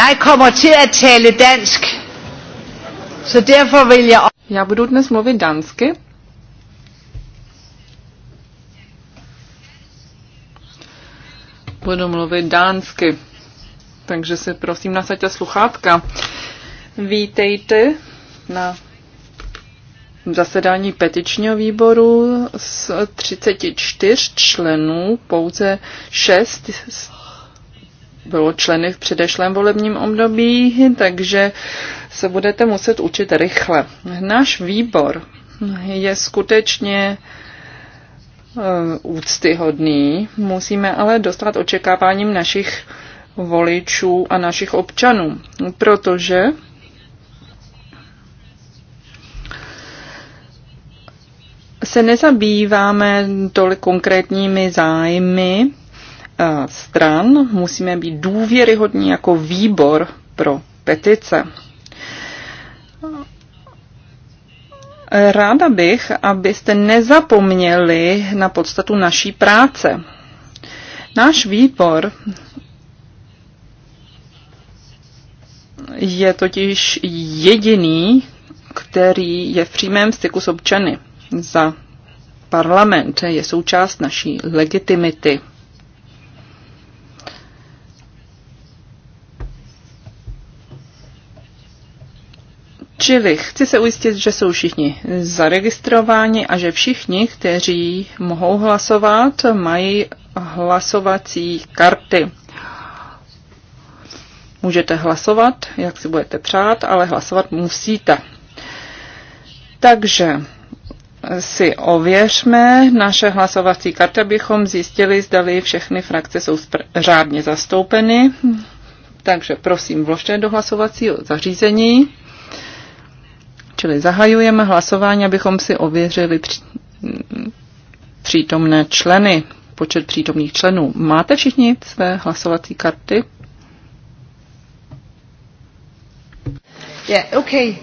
Jeg kommer til at tale dansk, så derfor vil jeg... Já budu dnes mluvit dansky. Budu mluvit dánsky, takže si prosím nasaďte sluchátka. Vítejte na zasedání petičního výboru z 34 členů pouze 6 z bylo členy v předešlém volebním období, takže se budete muset učit rychle. Náš výbor je skutečně eh, úctyhodný, musíme ale dostat očekáváním našich voličů a našich občanů, protože se nezabýváme tolik konkrétními zájmy, Eh, stran, musíme být důvěryhodní jako výbor pro petice. Ráda bych, abyste nezapomněli na podstatu naší práce. Náš výbor je totiž jediný, který je v přímém styku s občany za parlament, je součást naší legitimity. Čili chci se ujistit, že jsou všichni zaregistrováni a že všichni, kteří mohou hlasovat, mají hlasovací karty. Můžete hlasovat, jak si budete přát, ale hlasovat musíte. Takže si ověřme naše hlasovací karty, abychom zjistili, zdali všechny frakce jsou řádně zastoupeny. Takže prosím, vložte do hlasovacího zařízení. Čili zahajujeme hlasování, abychom si ověřili přítomné členy, počet přítomných členů. Máte všichni své hlasovací karty? Ja, okay.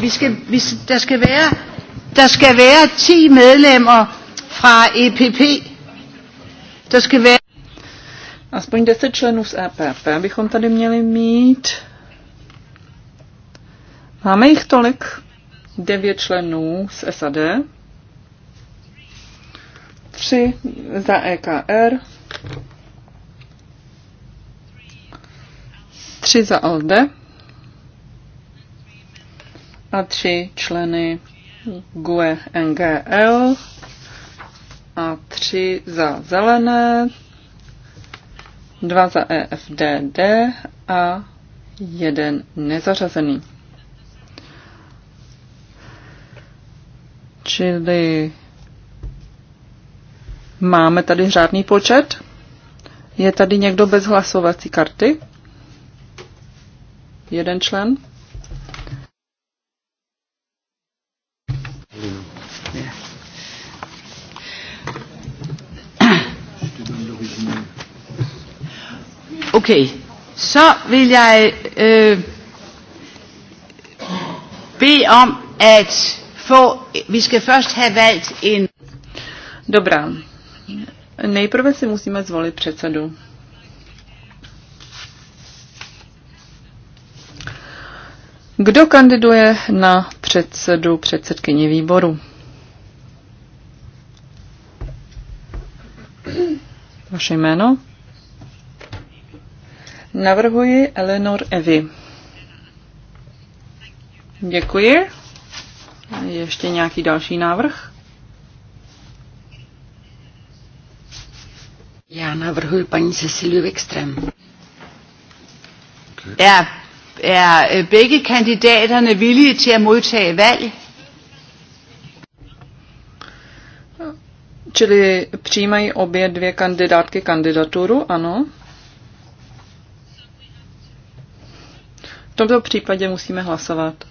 Vi skal, vi, der, skal være, der skal være 10 medlemmer fra EPP. Der skal være... Aspoň 10 členů z EPP bychom tady měli mít. Máme jich tolik? devět členů z SAD, tři za EKR, tři za ALDE a tři členy GUE NGL a tři za zelené, dva za EFDD a jeden nezařazený. Čili máme tady řádný počet. Je tady někdo bez hlasovací karty? Jeden člen? OK. Så vil jeg øh, bede om, at vi Dobrá. Nejprve si musíme zvolit předsedu. Kdo kandiduje na předsedu předsedkyně výboru? Vaše jméno? Navrhuji Eleanor Evy. Děkuji. Ještě nějaký další návrh? Já navrhuji paní Cecilie Wikström. Er, er begge kandidaterne er villige til at modtage valg? Čili přijímají obě dvě kandidátky kandidaturu, ano. V tomto případě musíme hlasovat.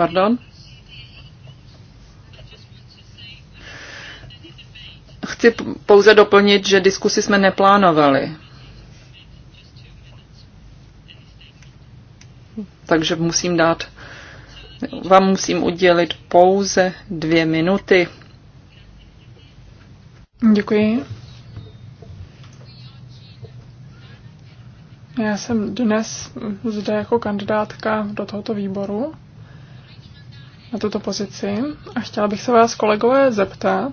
pardon. Chci pouze doplnit, že diskusi jsme neplánovali. Takže musím dát, vám musím udělit pouze dvě minuty. Děkuji. Já jsem dnes zde jako kandidátka do tohoto výboru na tuto pozici a chtěla bych se vás, kolegové, zeptat,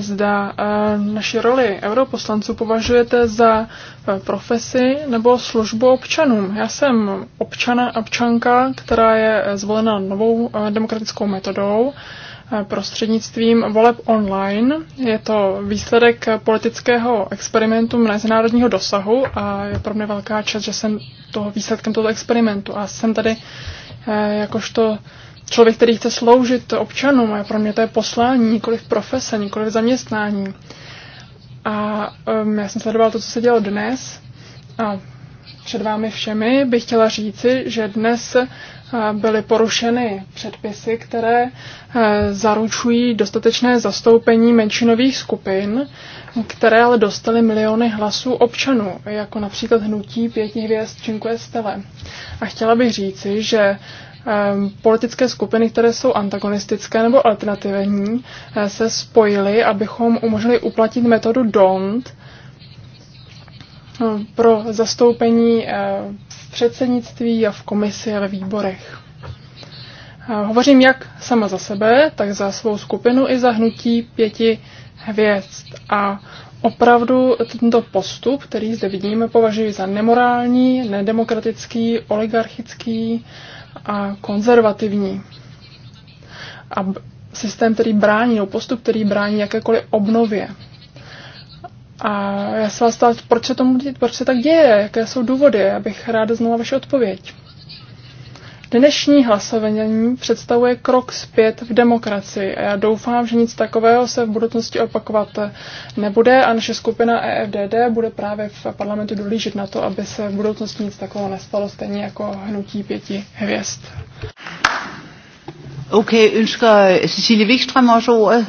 zda eh, naši roli europoslanců považujete za eh, profesi nebo službu občanům. Já jsem občana a občanka, která je eh, zvolena novou demokratickou metodou prostřednictvím voleb online. Je to výsledek politického experimentu mezinárodního dosahu a je pro mě velká čest, že jsem toho výsledkem toho experimentu a jsem tady jakožto člověk, který chce sloužit občanům, a pro mě to je poslání, nikoliv profese, nikoliv zaměstnání. A um, já jsem sledovala to, co se dělo dnes a před vámi všemi bych chtěla říci, že dnes uh, byly porušeny předpisy, které uh, zaručují dostatečné zastoupení menšinových skupin, které ale dostaly miliony hlasů občanů, jako například hnutí pěti hvězd Cinque stele. A chtěla bych říci, že Ehm, politické skupiny, které jsou antagonistické nebo alternativní, eh, se spojily, abychom umožnili uplatnit metodu DONT eh, pro zastoupení eh, v předsednictví a v komisi a ve výborech. Hovořím jak sama za sebe, tak za svou skupinu i za hnutí pěti hvězd. A Opravdu tento postup, který zde vidíme, považuji za nemorální, nedemokratický, oligarchický a konzervativní. A systém, který brání, nebo postup, který brání jakékoliv obnově. A já se vás ptám, proč se, tomu, proč se tak děje, jaké jsou důvody, abych ráda znala vaši odpověď. Dnešní hlasování představuje krok zpět v demokracii a já doufám, že nic takového se v budoucnosti opakovat nebude a naše skupina EFDD bude právě v parlamentu dolížit na to, aby se v budoucnosti nic takového nestalo, stejně jako hnutí pěti hvězd. OK, ønsker Cecilie Wikström også ordet?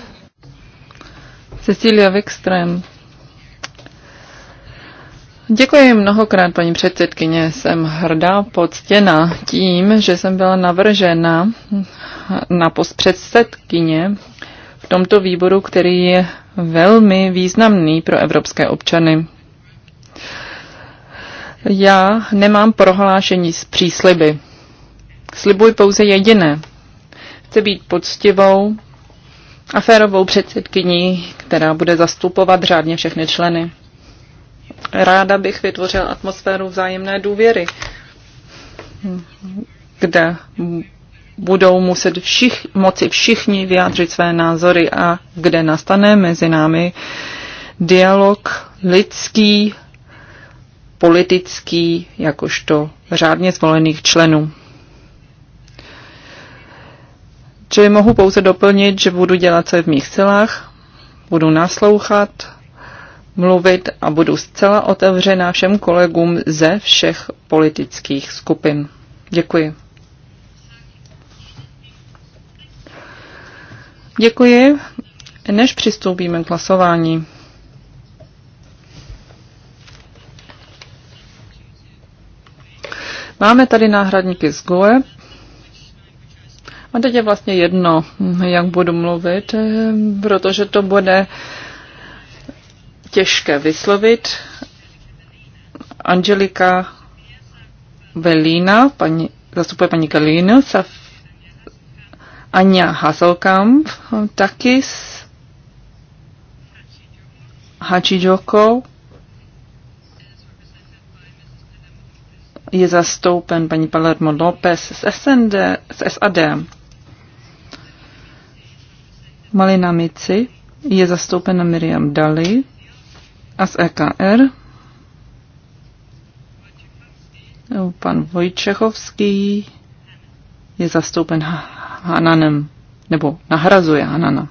Cecilia Wikström. Děkuji mnohokrát, paní předsedkyně. Jsem hrdá, poctěna tím, že jsem byla navržena na post předsedkyně v tomto výboru, který je velmi významný pro evropské občany. Já nemám prohlášení z přísliby. Slibuji pouze jediné. Chci být poctivou a férovou předsedkyní, která bude zastupovat řádně všechny členy. Ráda bych vytvořil atmosféru vzájemné důvěry, kde budou muset všich, moci všichni vyjádřit své názory a kde nastane mezi námi dialog lidský, politický, jakožto řádně zvolených členů. Čili mohu pouze doplnit, že budu dělat, se v mých silách, budu naslouchat, mluvit a budu zcela otevřená všem kolegům ze všech politických skupin. Děkuji. Děkuji, než přistoupíme k hlasování. Máme tady náhradníky z GUE. A teď je vlastně jedno, jak budu mluvit, eh, protože to bude těžké vyslovit. Angelika Velína, paní, zastupuje paní Galínu, Anja Hazelkamp, Takis, Hachijoko, je zastoupen paní Palermo López z, SND, z SAD. Malina Mici je zastoupena Miriam Daly a z EKR pan Vojčechovský je zastoupen Hananem, nebo nahrazuje Hanana.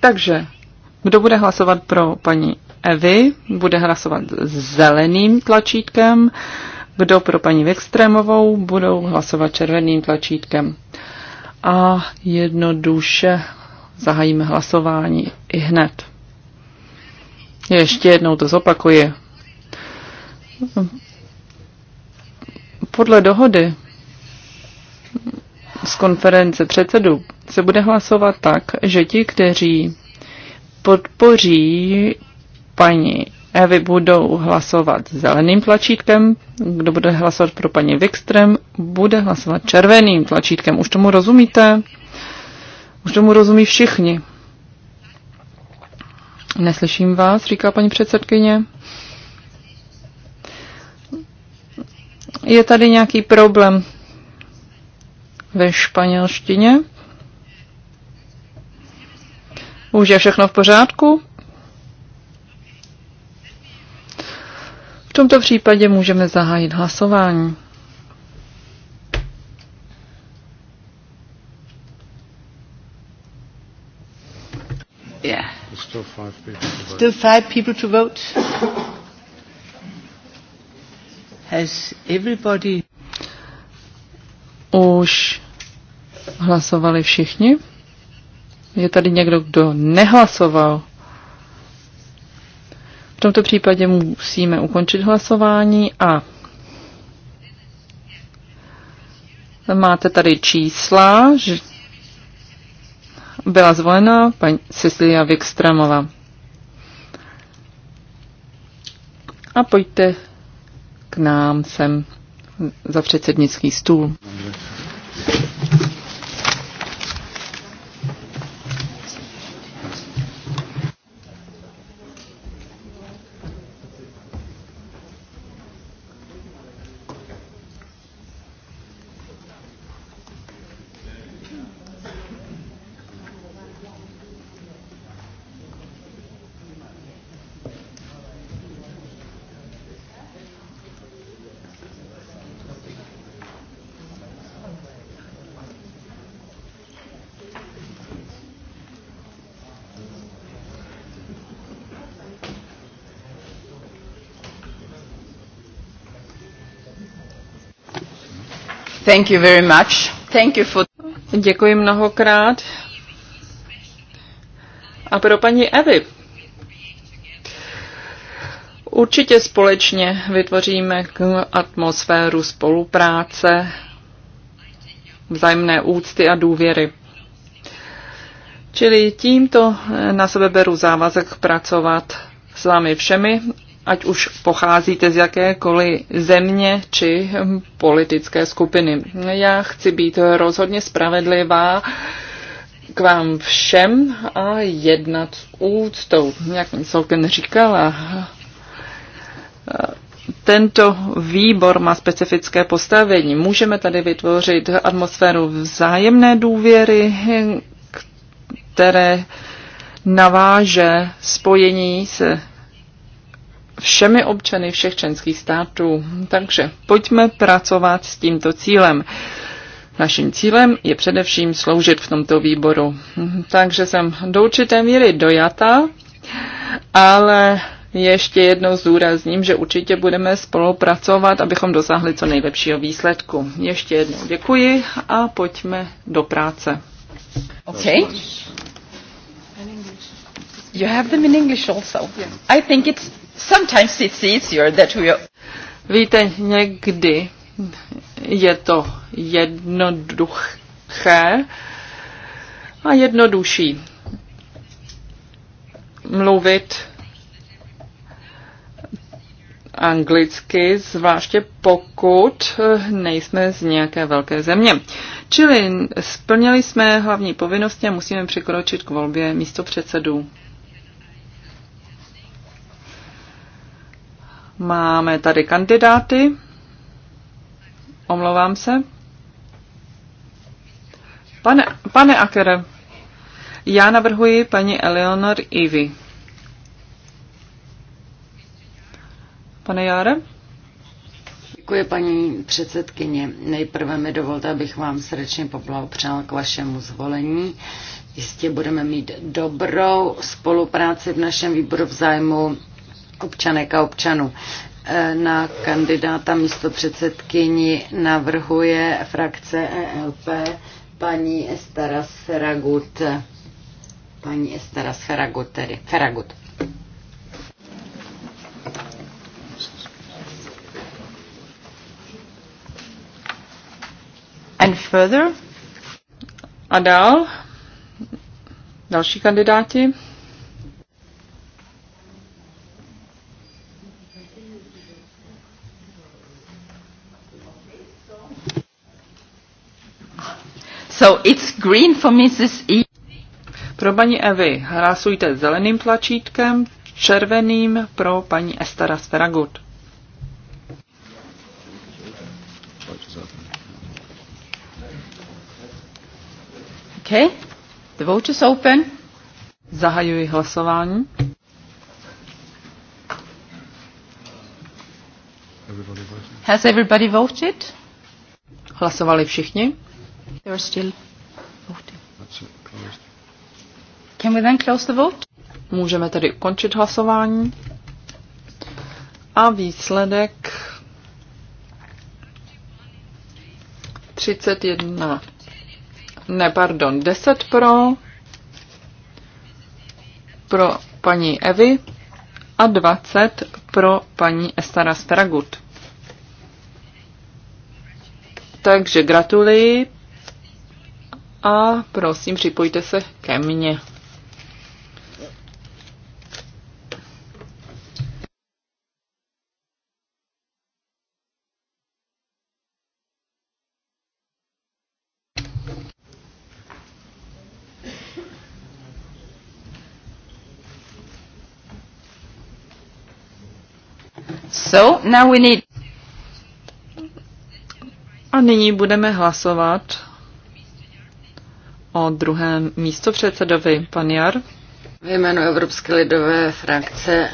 Takže, kdo bude hlasovat pro paní Evy, bude hlasovat zeleným tlačítkem, kdo pro paní Vextrémovou, budou hlasovat červeným tlačítkem. A jednoduše zahajíme hlasování i hned. Ještě jednou to zopakuji. Podle dohody z konference předsedů se bude hlasovat tak, že ti, kteří podpoří paní Evy budou hlasovat zeleným tlačítkem, kdo bude hlasovat pro paní Wikström, bude hlasovat červeným tlačítkem. Už tomu rozumíte? Už tomu rozumí všichni. Neslyším vás, říká paní předsedkyně. Je tady nějaký problém ve španělštině? Už je všechno v pořádku? V tomto případě můžeme zahájit hlasování. Už hlasovali všichni? Je tady někdo, kdo nehlasoval? V tomto případě musíme ukončit hlasování a máte tady čísla, že byla zvolena paní Cecilia Vikstramová. A pojďte k nám sem za předsednický stůl. Thank you very much. Thank you for... Děkuji mnohokrát. A pro paní Evy. Určitě společně vytvoříme atmosféru spolupráce, vzájemné úcty a důvěry. Čili tímto na sebe beru závazek pracovat s vámi všemi ať už pocházíte z jakékoliv země či politické skupiny. Já chci být rozhodně spravedlivá k vám všem a jednat s úctou. Jak Solken říkala, tento výbor má specifické postavení. Můžeme tady vytvořit atmosféru vzájemné důvěry, které naváže spojení se všemi občany všech členských států. Takže pojďme pracovat s tímto cílem. Naším cílem je především sloužit v tomto výboru. Takže jsem do určité míry dojata, ale ještě jednou zúrazním, že určitě budeme spolupracovat, abychom dosáhli co nejlepšího výsledku. Ještě jednou děkuji a pojďme do práce. Okay. You have them in English also. Yeah. I think it's Sometimes it's easier that we... Víte, někdy je to jednoduché a jednodušší mluvit anglicky, zvláště pokud nejsme z nějaké velké země. Čili splnili jsme hlavní povinnosti a musíme překročit k volbě místo předsedů Máme tady kandidáty. Omlouvám se. Pane, pane Akere, já navrhuji paní Eleonor Ivy. Pane Jare? Děkuji, paní předsedkyně. Nejprve mi dovolte, abych vám srdečně poblahopřál k vašemu zvolení. Jistě budeme mít dobrou spolupráci v našem výboru v zájmu občanek a občanů. E, na kandidáta místo předsedkyni navrhuje frakce ELP paní Estara Feragut. Paní Estara Feragut, tedy. Feragut. And further? A dál? Další kandidáti? So it's green for Mrs. E. Pro paní Evy hlasujte zeleným tlačítkem, červeným pro paní Estera Sferagut. Okay. The vote is open. Zahajuji hlasování. Has everybody voted? Hlasovali všichni? There are still voting. That's it, closed. Can we then close the vote? Můžeme tedy ukončit hlasování. A výsledek 31, ne, pardon, 10 pro, pro paní Evy a 20 pro paní Estara Staragut. Takže gratuluji a prosím, připojte se ke mně. So, now we need... A nyní budeme hlasovat o druhém místopředsedovi. Pan Jar. Jméno Evropské lidové frakce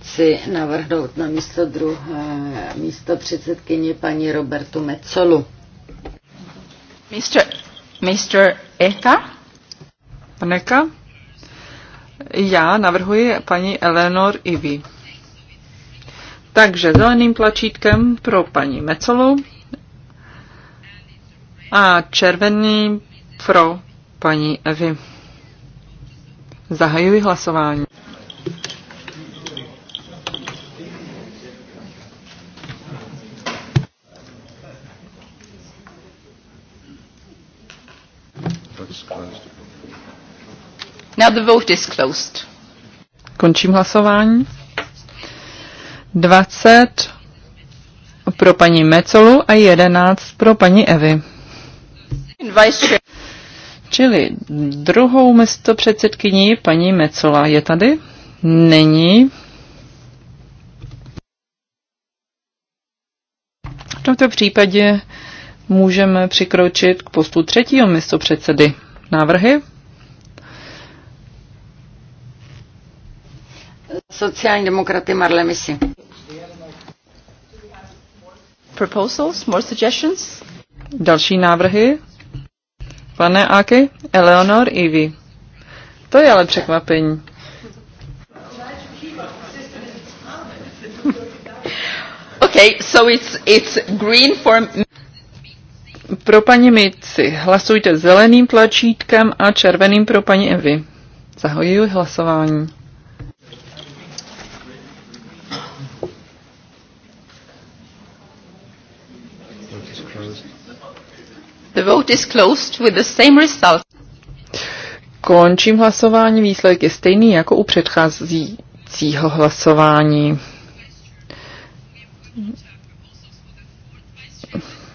chci navrhnout na místo druhé místo předsedkyně paní Robertu Mecolu. Mr. Mr. Eka? Pan Eka? Já navrhuji paní Eleanor Ivy. Takže zeleným tlačítkem pro paní Mecolu a červený pro paní Evy. Zahajuji hlasování. Now the vote is closed. Končím hlasování. 20 pro paní Mecolu a 11 pro paní Evy. Čili druhou místo předsedkyní paní Mecola je tady? Není. V tomto případě můžeme přikročit k postu třetího místo předsedy. Návrhy? Sociální demokraty Marle Misi. Proposals, more suggestions? Další návrhy? Pane Aki, Eleonor i vy. To je ale překvapení. Okay, so it's, it's green for... Pro paní Mici hlasujte zeleným tlačítkem a červeným pro paní Evy. Zahajuji hlasování. The vote is closed with the same result. Končím hlasování, výsledek je stejný jako u předcházícího hlasování.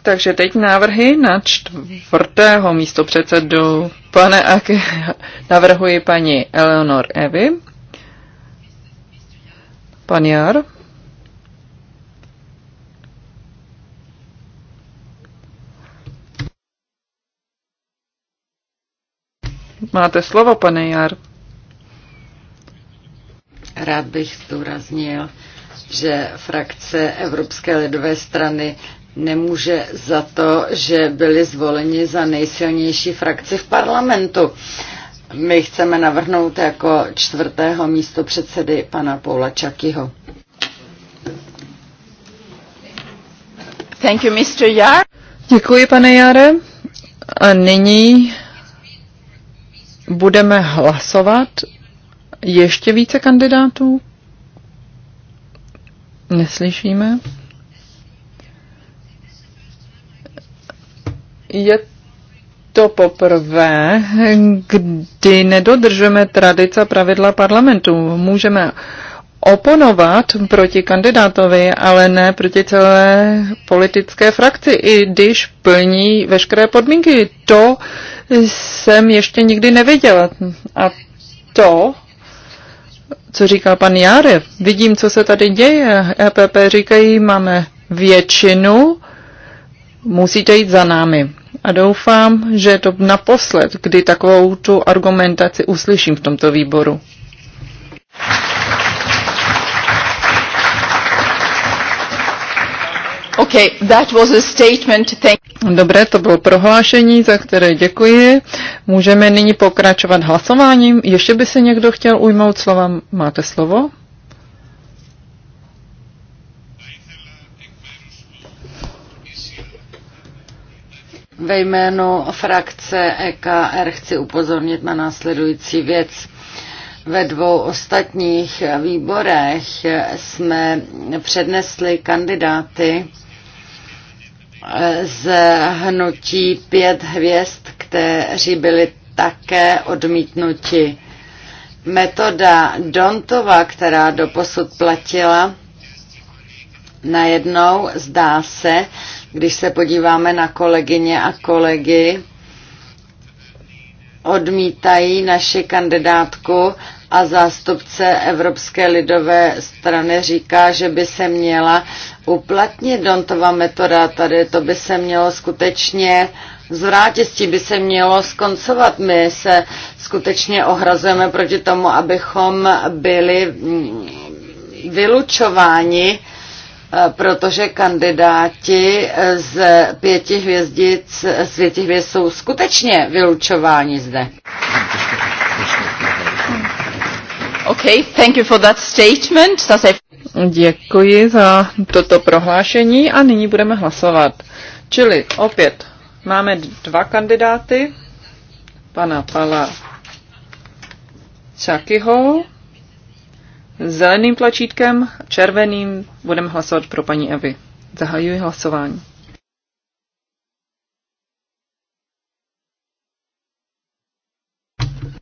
Takže teď návrhy na čtvrtého místo předsedu. Pane Ake, navrhuji paní Eleonor Evy. Pan Jar. Máte slovo, pane Jar. Rád bych zdůraznil, že frakce Evropské lidové strany nemůže za to, že byli zvoleni za nejsilnější frakci v parlamentu. My chceme navrhnout jako čtvrtého místo předsedy pana Paula Čakyho. Thank you, Mr. Jar. Děkuji, pane Jare. A nyní Budeme hlasovat ještě více kandidátů? Neslyšíme. Je to poprvé, kdy nedodržeme tradice pravidla parlamentu. Můžeme oponovat proti kandidátovi, ale ne proti celé politické frakci, i když plní veškeré podmínky. To jsem ještě nikdy neviděla. A to, co říkal pan Járev, vidím, co se tady děje. EPP říkají, máme většinu, musíte jít za námi. A doufám, že je to naposled, kdy takovou tu argumentaci uslyším v tomto výboru. Okay, that was a statement. Thank Dobré, to bylo prohlášení, za které děkuji. Můžeme nyní pokračovat hlasováním. Ještě by se někdo chtěl ujmout slova. Máte slovo? Ve jménu frakce EKR chci upozornit na následující věc ve dvou ostatních výborech jsme přednesli kandidáty z hnutí pět hvězd, kteří byli také odmítnuti. Metoda Dontova, která doposud platila, najednou zdá se, když se podíváme na kolegyně a kolegy, odmítají naši kandidátku a zástupce Evropské lidové strany říká, že by se měla uplatnit Dontova metoda tady, to by se mělo skutečně zvrátit, tím by se mělo skoncovat. My se skutečně ohrazujeme proti tomu, abychom byli mm, vylučováni, eh, protože kandidáti z pěti hvězdic, z pěti hvězd jsou skutečně vylučováni zde. Děkujeme. Okay, thank you for that statement. Děkuji za toto prohlášení a nyní budeme hlasovat. Čili opět máme dva kandidáty, pana Pala Čakyho. Zeleným tlačítkem, červeným budeme hlasovat pro paní Evy. Zahajuji hlasování.